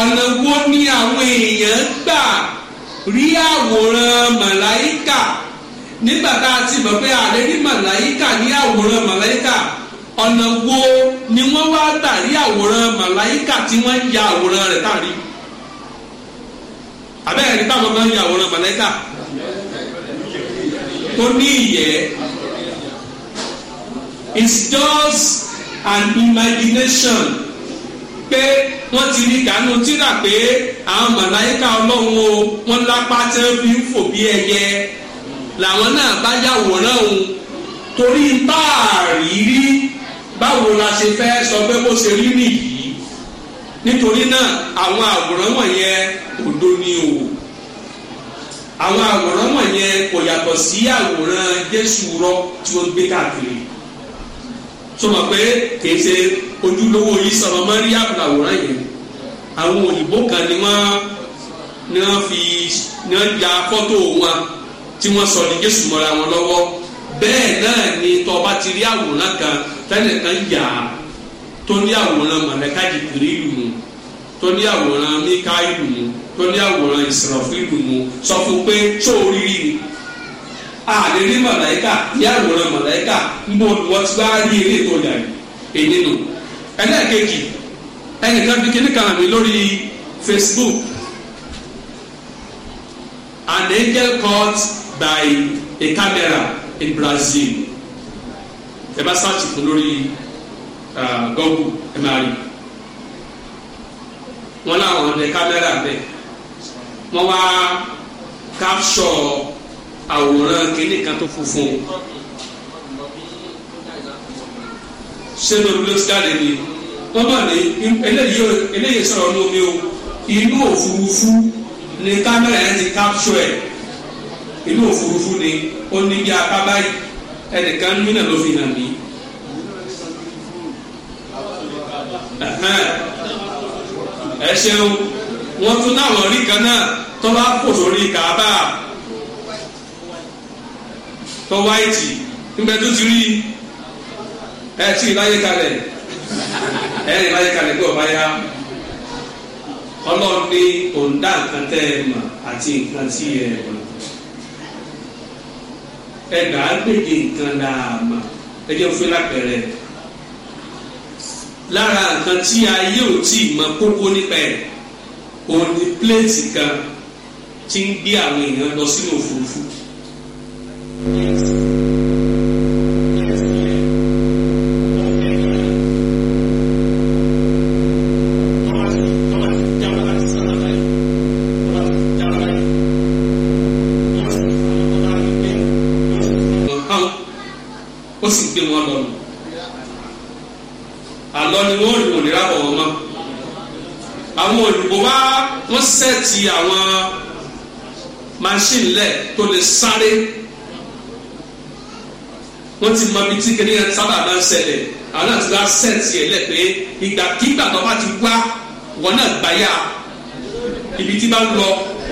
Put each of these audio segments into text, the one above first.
ọ̀nà wo ni àwọn èèyàn gbà rí àwòrán màláíkà nígbà tá a ti mọ̀ pé àlè rí màláíkà ní àwòrán màláíkà ọ̀nà wo ni wọ́n wá gbà rí àwòrán màláíkà tí wọ́n ń ya àwòrán rẹ̀ tàrí abẹ́rẹ́ ní táwọn máa ń ya àwòrán màláíkà tó ní ìyẹ́ it's just an imagination pé wọ́n ti rí ìdánù tíra pé àwọn màláyíká ọlọ́run o wọ́n lápá tí wọ́n fi ń fò bí ẹyẹ làwọn náà bá yàwòrán òun torí bá a rí rí báwo la ṣe fẹ́ sọ pé kó ṣe rí nìyí nítorí náà àwọn àwòrán wọ̀nyẹn òdo ni o àwọn àwòrán wọ̀nyẹn kò yàtọ̀ sí àwòrán Jésù rọ tí wọ́n gbé káàkiri sọmọ pé kìí ṣe ojúlówó yìí sọmọ Mariam làwòrán yẹn àwọn òyìnbó kan ni wọ́n ni wọ́n fi ni wọ́n ya fọ́tò wọn tí wọ́n sọ ní Jésù mọ́ra wọn lọ́wọ́ bẹ́ẹ̀ náà ni tọba ti rí àwòrán kan tẹ́nìkan yà á tó ní àwòrán mọ̀lẹ́ká jìkìrì ìlú mu tó ní àwòrán Míkà ìlú mu tó ní àwòrán Ísírẹ́lì ìlú mu sọ fún pé tó rí ni àrírí màláìkà ní àwòrán màláìkà mbọ wọn ti bá rí eré tó yà ní èyí nù. ẹlẹ́ẹ̀kejì ẹnìkan fi kíní kan mi lórí Facebook an angel caught by a camera in Brazil ẹ bá sáàtì fún lórí Google ẹ máa rí wọn láwọn ọdẹ kámẹ́rà bẹ́ẹ̀ wọ́n wá capture àwòrán kínní kan tó funfun sínú lóṣìṣàlẹ ni wọn bá ní eléyìí sọ̀rọ̀ ní omi o inú òfurufú ni kámẹ́rà yẹn ti capture ẹ̀ inú òfurufú ni ó ní bí apá báyìí ẹnìkan nínú ló fi hàn mí. ẹ ṣeun wọn tún náà wọn rí kan náà tó bá kò sórí kàá báà tọ wáìtì nígbà tó ti rí ẹ tí ìláyé kalẹ̀ ẹ ìláyé kalẹ̀ pé ọba ya ọlọ́run ní òǹdà nǹkan tẹ́ ẹ mọ̀ àti nǹkan tí ẹ mọ̀ ẹ dà á gbèdé nǹkan dààmà ẹ jẹ́ fún lápẹ̀rẹ̀ lára nǹkan tí ayé ò tí ì mọ kókó nípa ẹ̀ òun pléètì kan tí ń gbé àwọn èèyàn lọ sínú òfurufú ó sì gbé wọn lọ nù àlọ ni wọn lò ní sáré wọ́n ti mọ ibi tí kìnìún yẹn sábà máa ń ṣẹlẹ̀ àwọn náà ti wá sẹ́ǹsì ẹ̀ lẹ́pẹ́ ìgbàkigbà tó bá ti wá wọn náà gbáyà ibi tí bá ń lọ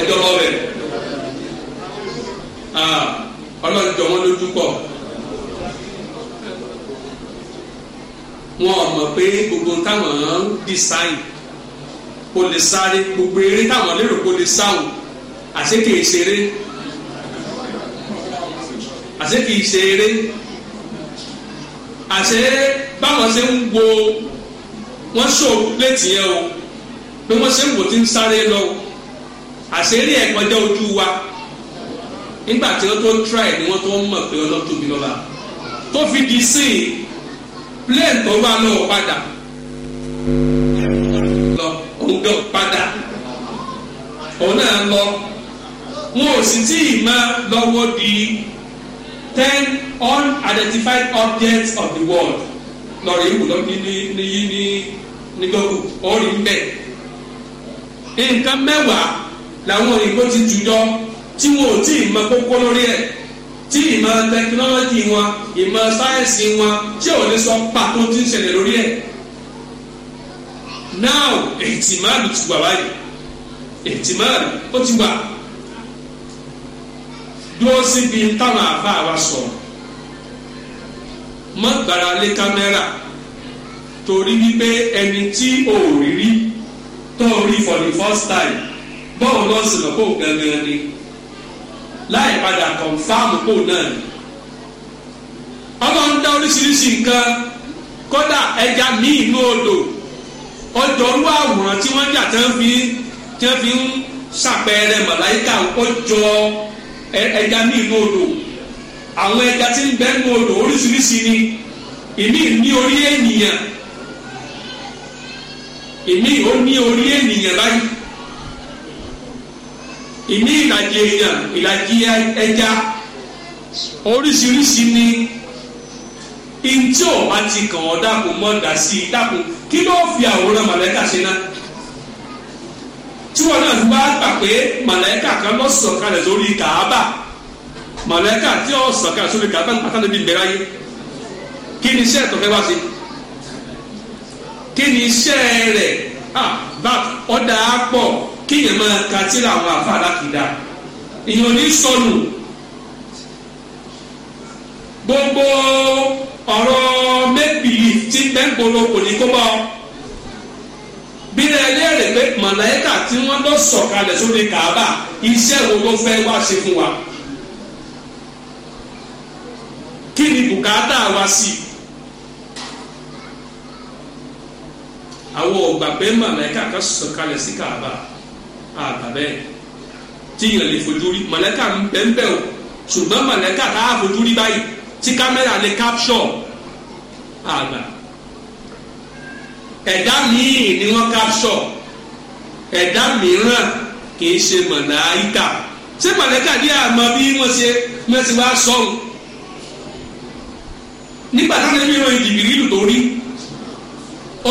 ẹjọ́ lọ rẹ̀ ọlọ́run jọ wọ́n lójú pọ̀ wọn ò mọ̀ pé gbogbo táwọn ń dísáìn kò lè sáré gbogbo eré táwọn lérò kò lè sáwọn àṣekè ìṣeré àṣekè ìṣeré àṣẹ báwọn ṣe ń wo wọ́n ṣò létí yẹn o bí wọ́n ṣe ń wò tí ń sáré lọ o àṣẹ rí ẹ̀ kọjá ojú wa nígbà tí wọ́n tó ń try ni wọ́n tó ń mọ̀ pé ọlọ́tòbí lọ́ba tó fi di sí i plane tó wà náà padà lọ òun gan padà òun náà lọ wọn ò sì tí ì máa lọ́wọ́ di ten unidentified objects of the world lọ́rọ̀ yìí wò lọ ní ní yí ní ní gbọ́dọ̀ ọ̀rì ń bẹ̀. nǹkan mẹ́wàá làwọn òyìnbó ti jùjọ tí wọn ò tí ì mọ kókó lórí ẹ̀ tí ìmọ̀ tẹkinọ́lọ́jì wọn ìmọ̀ sáyẹ̀nsì wọn tí ò ní sọ pàtó tí ń ṣẹlẹ̀ lórí ẹ̀. now ètìmáàlù ti wà báyìí ètìmáàlù ó ti wà dúró síbi táwọn àbá wa sọ mọ́ gbára lé kámẹ́rà torí wípé ẹni tí o rí rí tó rí for the first time bọ́ọ̀ lọ́sìn lọ́pọ̀ gangan ni láì padà kọ̀nfàmù kò náà ni ọlọ́run dá oríṣiríṣi nǹkan kódà ẹja ní inú odò ọjọ́rú àwòrán tí wọ́n jà tí wọ́n fi ń ṣàpẹẹrẹ màláìka ọjọ́ ẹja ní inú odò àwọn ẹja tí ń bẹ nínú odò oríṣiríṣi ni ìmí ní orí ènìyàn ìmí ò ní orí ènìyàn báyìí ìmí ìlàjì èèyàn ìlàjì ẹja oríṣiríṣi ni ntí ò bá ti kàn ọ́ dàpọ̀ mọ́ dà sí i dàpọ̀ kí ló fi àwòrán màlẹ́kà ṣe náà tí wọn náà ti wá gbà pé màláìka kan lọ sọ̀kalẹ̀ sórí kàába màláìka tí ó sọ̀kalẹ̀ sórí kàába pátánù bí bẹ̀rẹ̀ ayé kí ni iṣẹ́ ẹ̀tọ́ fẹ́ wá sí kí ni iṣẹ́ rẹ̀ ọ̀dà pọ̀ kí yẹn máa ka tíra àwọn àfàlà kìdá ìyẹn ní sọnù gbogbo ọ̀rọ̀ mẹ́bìlì tí bẹ́ńkolo kò ní kó bá ọ bí ẹlẹ́ rẹ̀ pé màláyíkà tí wọ́n lọ sọ̀kalẹ̀ sórí kàábà iṣẹ́ wo ló fẹ́ wá ṣe fún wa kí ni bùkátà wa sí i àwọn ọgbà pé màláyíkà kan sọ̀kalẹ̀ sí kàábà àgbà bẹ́ẹ̀ tí yẹn lè fojú rí màláyíkà ń bẹ́ẹ̀ bẹ́ẹ̀ o ṣùgbọ́n màláyíkà tá a fojú rí báyìí tí kámẹ́rà lè capture àgbà ẹ̀dá míì ni wọ́n capture ẹ̀dá mìíràn kìí ṣe mọ̀láyíkà ṣé mọ̀láyíkà bí àmọ́ bí wọ́n ṣe wọ́n ti wá sọ̀hún nígbà táwọn ẹbí wọn ìdìbìrì ìlú tó rí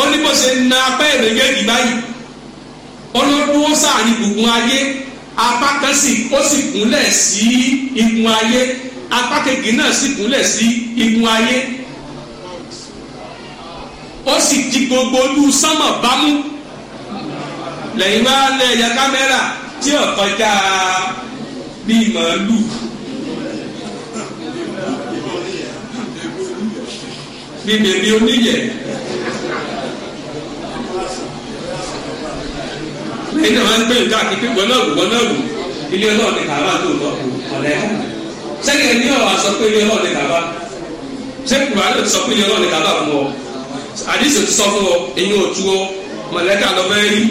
ó ní bó ṣe na apá ẹ̀rẹ̀ méjèèjì báyìí ọlọ́dún ó sàárín ìbùkún ayé apá kan sì ó sì kúnlẹ̀ sí ikùn ayé apá kejì náà sì kúnlẹ̀ sí ikùn ayé ó sì di gbogbo olú sánmọ̀ bámú lẹ́yìn wá lẹ ya kámẹ́rà tí ò kọjá bí màálù. bí bèbí oníyẹ. lẹ́yìn náà wọ́n gbé nǹkan àkíkí gbọ́nàgùn gbọ́nàgùn ilé ọlọ́ọ̀ni kàrá tó lọ ọ̀rẹ́ sẹ́yìn ní ọ̀rọ̀ àsọpé ilé ọlọ́ọ̀ni kàrá sẹ́yìn kùrọ̀ àlọ́ ti sọ pé ilé ọlọ́ọ̀ni fún ọ àdìsí ti sọ fún ọ ẹ̀yin ò tú ọ mọ̀lẹ́kà lọ bẹ́ẹ̀ rí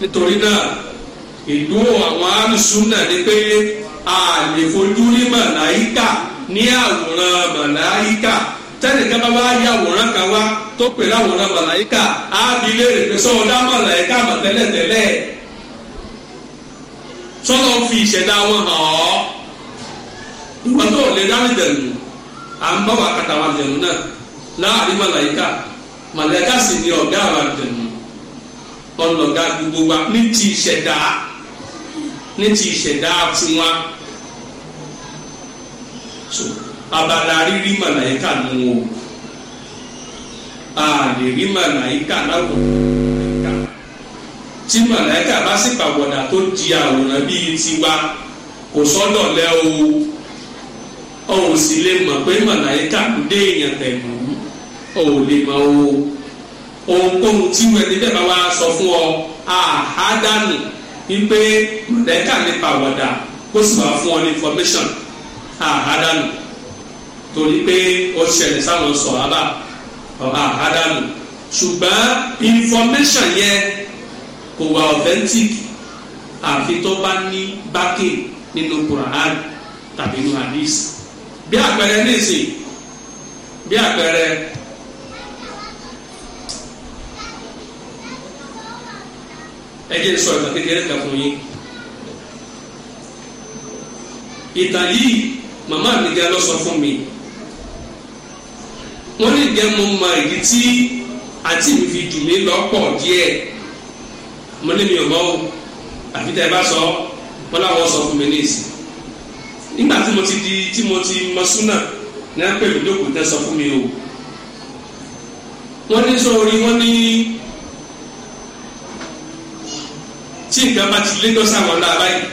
nítorí náà ìlú àwọn alùsùn náà ni pé a lè fojú rí màláyíkà ní àwòrán màláyíkà tẹnìkan bá wá yàwòrán kan wá tó pè láwòrán màláyíkà á di léèrè pé sọ ọdá màláyíkà mà tẹ́lẹ̀tẹ́lẹ̀ sọlọ fi ìṣẹ̀dá wọn hàn ọ́ ìwọ́n tó lè dárí dẹ̀lù à ń bá wà na àwọn àlùjẹ̀nu náà láàrin màláyíkà màláyíkà sì ni ọ̀gá àwọn àlùjẹ̀nu ọlọ́gá gbogbo wa ní ti ìṣẹ̀dá ní ti ìṣẹ̀dá tiwa so abala rírí màláyíkà nù o a lè rí màláyíkà láwùjọ tí màláíkà bá sì pàwọ̀dà tó di àwòrán bíi tiwa kò sọ́dọ̀ lẹ́ o ọ̀hún sì lè mọ̀ pé màláyíkà kò dé èèyàn pẹ̀lú ọ̀hún lè mọ̀ o ohunkóhun tí wọn ẹni bẹ́ẹ̀ bá wá sọ fún ọ àádánù wípé màláyíkà nípa àwàdà kó sì wá fún ọ ní information àádánù torí pé ó ṣẹlẹ̀ sáwọn sọ̀rọ̀ àádánù ṣùgbọ́n information yẹn kò wá authentic àfi tó bá ní bákè nínú Quran tàbí nínú hadith bí àpẹẹrẹ nísì bí àpẹẹrẹ ẹ jẹ́ sọ ìtàn kékeré kan fún yín ìtàn yìí màmá mi gan lọ sọ fún mi wọ́n lè gẹ mo mọ èyí tí àti mi fi dùn mí lọ́pọ̀ díẹ̀ mo ní mi ò mọ̀ àfi tẹ́ ẹ bá sọ wọ́n láwọn sọ fún mi ní nígbà tí mo ti di tí mo ti mọ súnà ní wọn pè mí lókun tẹ sọ fún mi o wọn ní sọ orí wọn ní tí nǹkan bá ti lé dọ́sà wọn lára báyìí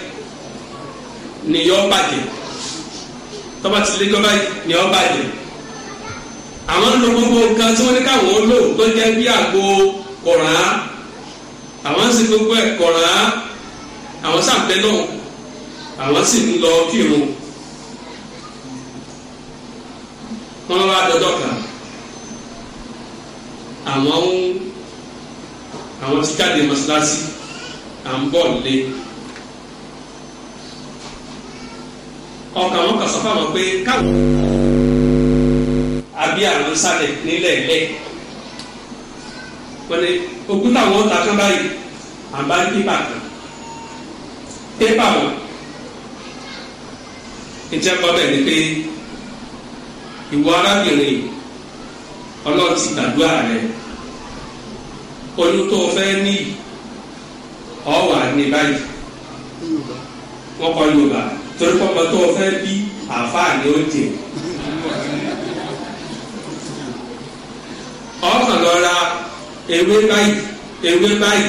nìyọ́ bàjẹ́ tọ́ba ti lé dọ́sà nìyọ́ bàjẹ́ àwọn ń lo gbogbo nǹkan tí wọ́n ní káwọn lò tó jẹ́ bí àgbo kọ̀ọ̀rá àwọn ń ṣe gbogbo ẹ̀ kọ̀ọ̀rá àwọn sàǹtẹ́ náà àwọn sì ń lọ kírun wọ́n wá dọ́dọ̀ kan àwọn ń àwọn ti jáde mọ́ṣáláṣí à ń bọ̀ lé ọkàn wọn kà sọ fáwọn pé káwọn àbí àwọn sálẹ̀ nílẹ̀ lẹ̀ wọ́n ní òkúta wọn ta kán báyìí àbá ní pépà kan pépà wọn ntí ẹkọ ni pé ìwọ arábìnrin Ọlọ́run ti gbàdúrà rẹ oyún tó o fẹ́ ní ọ wà ní báyìí wọ́n kọ́ Yorùbá torí pọ́pọ́ tó fẹ́ bí àáfàá ni ó dé ọkàn lọ ra ewé báyìí ewé báyìí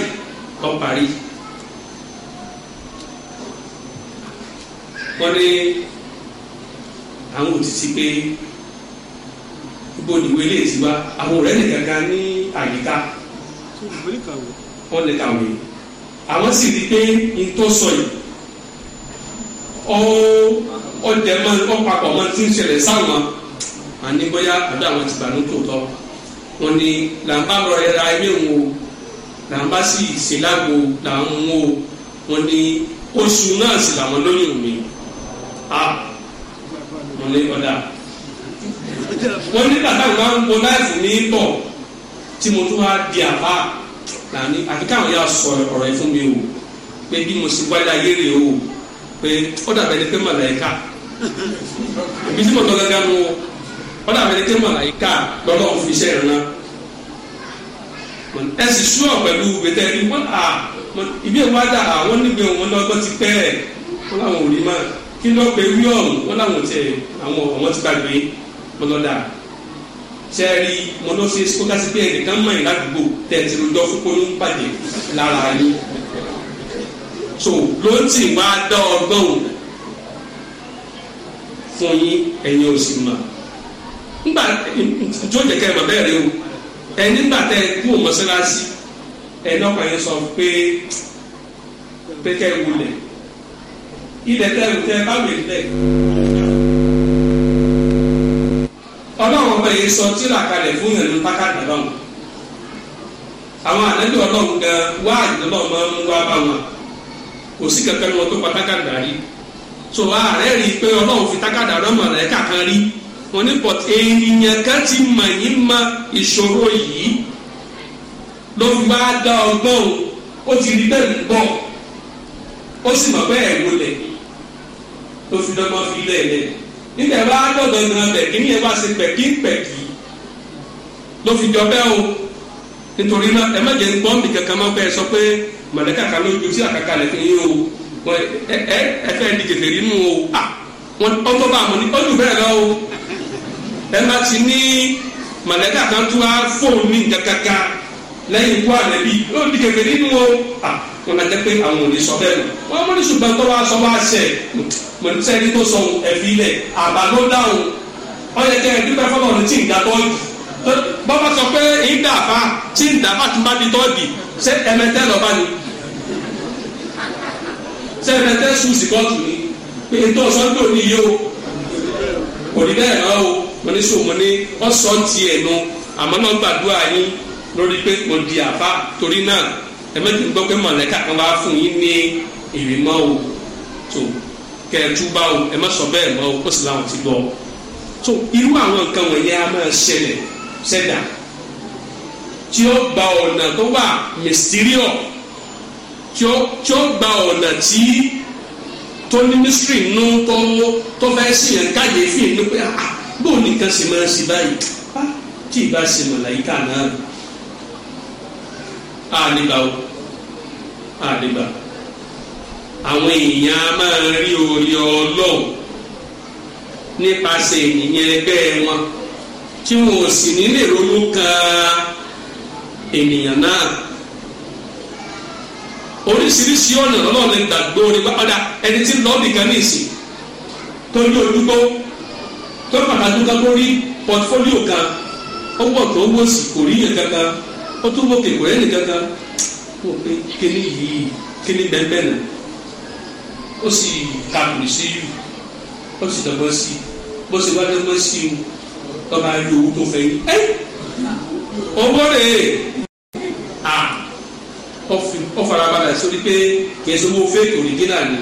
kọ́ parí wọ́n ní àwọn ò ti sí pé gbogbo ìwé ilé ti wá àwọn ọ̀rẹ́ nìkan kan ní àyíká wọ́n lè kàwé àwọn sì rí pé n tó sọ yìí ọ̀dẹ̀ máa ń papọ̀ máa ti ń ṣẹlẹ̀ sáwọn àní bóyá àbí àwọn ti bàánú tòótọ́ wọn ni là ń bá lọ ẹra ẹmí wọn o là ń bá sì ṣe lágbo là ń wọn wọn ni oṣù náà sì làwọn lóyún mi lé ọ̀dà wọ́n ní bàtà ìwà ń bọ láìsí ní bọ̀ tí mo tún wá di àbá lànà àfi káwọn yà sọ ọ̀rọ̀ yẹn fún mi o pé bí mo sì wáyé ayé rè o pé ó dàbẹ̀ ni pé màláyíká ibi tí mo tọ́ gángan mu ó dàbẹ̀ ni pé màláyíká lọ́dọ̀ òfin iṣẹ́ rẹ̀ náà ẹ sì súwọ̀ pẹ̀lú gbẹtẹ ibi wọn à ibi ìwádà àwọn nígbè wọn lọ́gbọ́n ti pẹ́ ẹ̀ wọn làwọn ò rí mọ́ kí ló pe wí ọ̀run wọn làwọn tẹ àwọn ọ̀wọ́n ti gbàgbé mọ́lọ́dà ṣe é rí mo lọ sí kó dásí pé ẹnìkan mọ̀ ẹ́ ládùúgbò tẹ̀sí lójọ́ fún kó ló ń lára yín so ló ń tì wá dá ọgbọ́n fún yín ẹ̀yin ò sì nígbà tó jẹ́ kẹ́ ẹ̀ mọ̀ bẹ́ẹ̀ rẹ o ẹ nígbà tẹ kú mọ́sálásí ẹ̀ náà kàn sọ pé pé kẹ́ ẹ wulẹ̀ ilẹ̀ tẹ tẹ bá wèé lẹ̀. ọlọ́run ọba yìí sọ tíra kalẹ̀ fún yẹn ní pákàtà báwọn àwọn ànábì ọlọ́run gan wáàyè lọ́wọ́ máa ń wá báwọn kò sí kankan wọn tó pa tákàdá rí so ààrẹ rí i pé ọlọ́run fi tákàdá rọ́mọ̀ rẹ̀ kàkan rí wọn ní pọ̀ ènìyàn kan ti mọ̀ yín mọ ìṣòro yìí ló fi wá dá ọgbọ́n ó ti rí bẹ́ẹ̀ ń bọ̀ ó sì mọ̀ bẹ́ẹ̀ wọlé yìí tó fi dọ́gbọ́n fi lẹ̀ lẹ̀ nígbà bá dọ̀dọ̀ ìran bẹ̀ kí ni ẹ bá ṣe pẹ̀kí pẹ̀kí ló fi jọ bẹ́ẹ̀ o nítorí náà ẹ má jẹ́ pọ́ǹpì kankan má bẹ́ẹ̀ sọ pé mọ̀lẹ́kà kan ló ju sí àkàkà lẹ̀ fi yín o ẹ ẹ fẹ́ di kèfèrí nù o à wọn ọtọ́ bá àmọ́ ní ọdún bẹ́ẹ̀ lọ o ẹ má ti ní mọ̀lẹ́kà kan tó wá fóònù ní kàkàkà lẹ́yìn ikú àlẹ́bí ló di kèfèrí nù o à wọn àti pé àwọn ò ní sọ bẹ́ẹ̀ lọ wọn mọ̀ ní ṣùgbọ́n tó wá sọ wá sẹ́ẹ̀ pẹ̀lú sẹ́ni tó sọ ẹ̀fí lẹ̀ àbá ló dáhùn ọ̀yẹ̀kẹ́ ẹ̀dúpẹ́ fọlọ́ ní tí ń da tọ́ọ̀dì bọ́bá sọ pé ń dà bá tí ń dà bá tún bá di tọ́ọ̀dì ṣé ẹ̀mẹ̀tẹ́ lọ́ba ni ṣé ẹ̀mẹ̀tẹ́ sùn sí kọ́ọ̀tù ni pé ètò ọ̀sọ́ńdò ni yìí o kò ní bẹ́ẹ̀ rán o mo ní sòmò ní ọ̀sọ́ ti ẹ̀ nu àmọ́ náà gbàdúrà yín lórí pé mo di àbá torí náà ẹ̀mẹ́tì gbọ́ pé mọ̀lẹ́kà kan bá fún yín ní èrè o tó. So, kẹ̀ẹ́túbá o ẹ má sọ bẹ́ẹ̀ mọ́ o sì láwọn ti gbọ́ so irú àwọn nǹkan wọ̀nyẹn a máa ṣẹlẹ̀ ṣẹ̀dá tí ó gba ọ̀nà tó wà mẹ̀sítíríọ̀ tí ó gba ọ̀nà tí tó ní mísírì nú tó tó fẹ́ sí yẹn káyé fún yẹn ní pé ah bó nìkan sì máa ṣe báyìí ah, tí ì ṣe màláyíkà náà àdìgbà ah, o àdìgbà ah, o àwọn èèyàn a máa rí orí ọlọ́run nípasẹ̀ ènìyàn ẹgbẹ́ wọn tí wọn ò sì ní lè ronú kan ènìyàn náà oríṣiríṣi ọ̀nà lọ́nà lè gbàgbọ́ orí pápádà ẹni tí lọ́ọ̀dì kan ní ìsìn tó ní olúgbó tó pàtàkì kan tó rí pọtifólíò kan ó wọ̀ tó wọ̀ sí kò rí yẹn kankan ó tún wọ̀ kékeré nìkan kan wọ́n pé kíní yìí kíní bẹ́ẹ̀ bẹ́ẹ̀ náà ó sì kàkùn sí yù ó sì dọ́gbọ́n sí bó ṣe wá dọ́gbọ́n sí o tọ́ba rí owó tó fẹ́ yín ẹ́ owó rè é à ó farabalẹ̀ sórí pé kì í ṣe owó fẹ́ẹ̀kì òrìjínà ni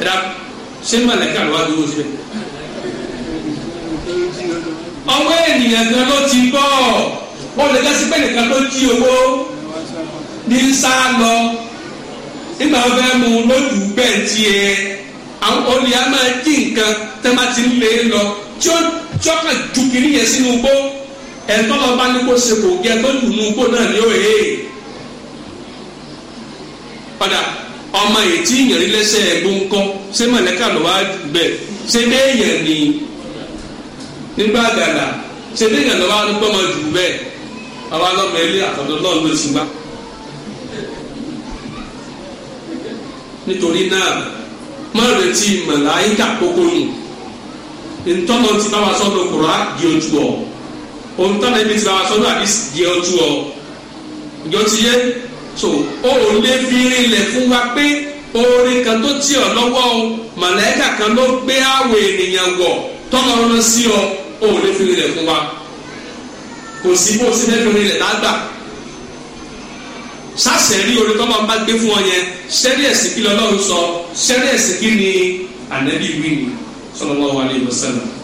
ẹ dá ṣé mọ̀lẹ́kà ló wá dúró síbẹ̀ ọwọ́ ènìyàn kan ló ti bọ̀ ó lè dá sí pé ló jí owó ní sá lọ nígbà wọn fẹ́ mu lójú bẹ́ẹ̀ tiẹ̀ àwọn olè á máa jí nǹkan tẹ́ máa ti ń lé e lọ tí ó jọ́kà ju kiri yẹn sínú gbó ẹ̀tọ́ lọ bá ní kó ṣe kò gẹ́ tó lù nù gbó náà ní òye. padà ọmọ ètí ìyẹ̀rí lẹ́sẹ̀ gbóńkọ́ ṣé mọ̀lẹ́kà ló wá bẹ̀ ṣé déèyàn ni nígbà gàdà ṣé déèyàn ló wá ń gbọ́mọ jù bẹ́ẹ̀ bàbá lọ́mọ ilé àtọ̀dọ́ lọ́ọ̀ ló nítorí náà má retí màláyíkà kókó nù ntọ́nà ti bá wa sọ́dọ̀ kura di ojú ọ òǹtọ́nà ibi ti bá wa sọ́dọ̀ àbí di ojú ọ ìjọ ti yẹ so ó lé fi rinlẹ̀ fún wa pé orin kan tó tí ọ lọ́wọ́ o màláyíkà kan ló gbé àwọ̀ ènìyàn wọ̀ tọ́nà ọ̀rọ̀ sí ọ ó lé fi rinlẹ̀ fún wa kò sí bó o sì fẹ́ fi rinlẹ̀ lágbàá sásẹ̀rí orí tọ́ba ń bá gbé fún ọ yẹn sẹ́rí ẹ̀sìn kí lọ́lọ́run sọ sẹ́rí ẹ̀sìn ni ànábì wí ni sallallahu alaihi wasallam.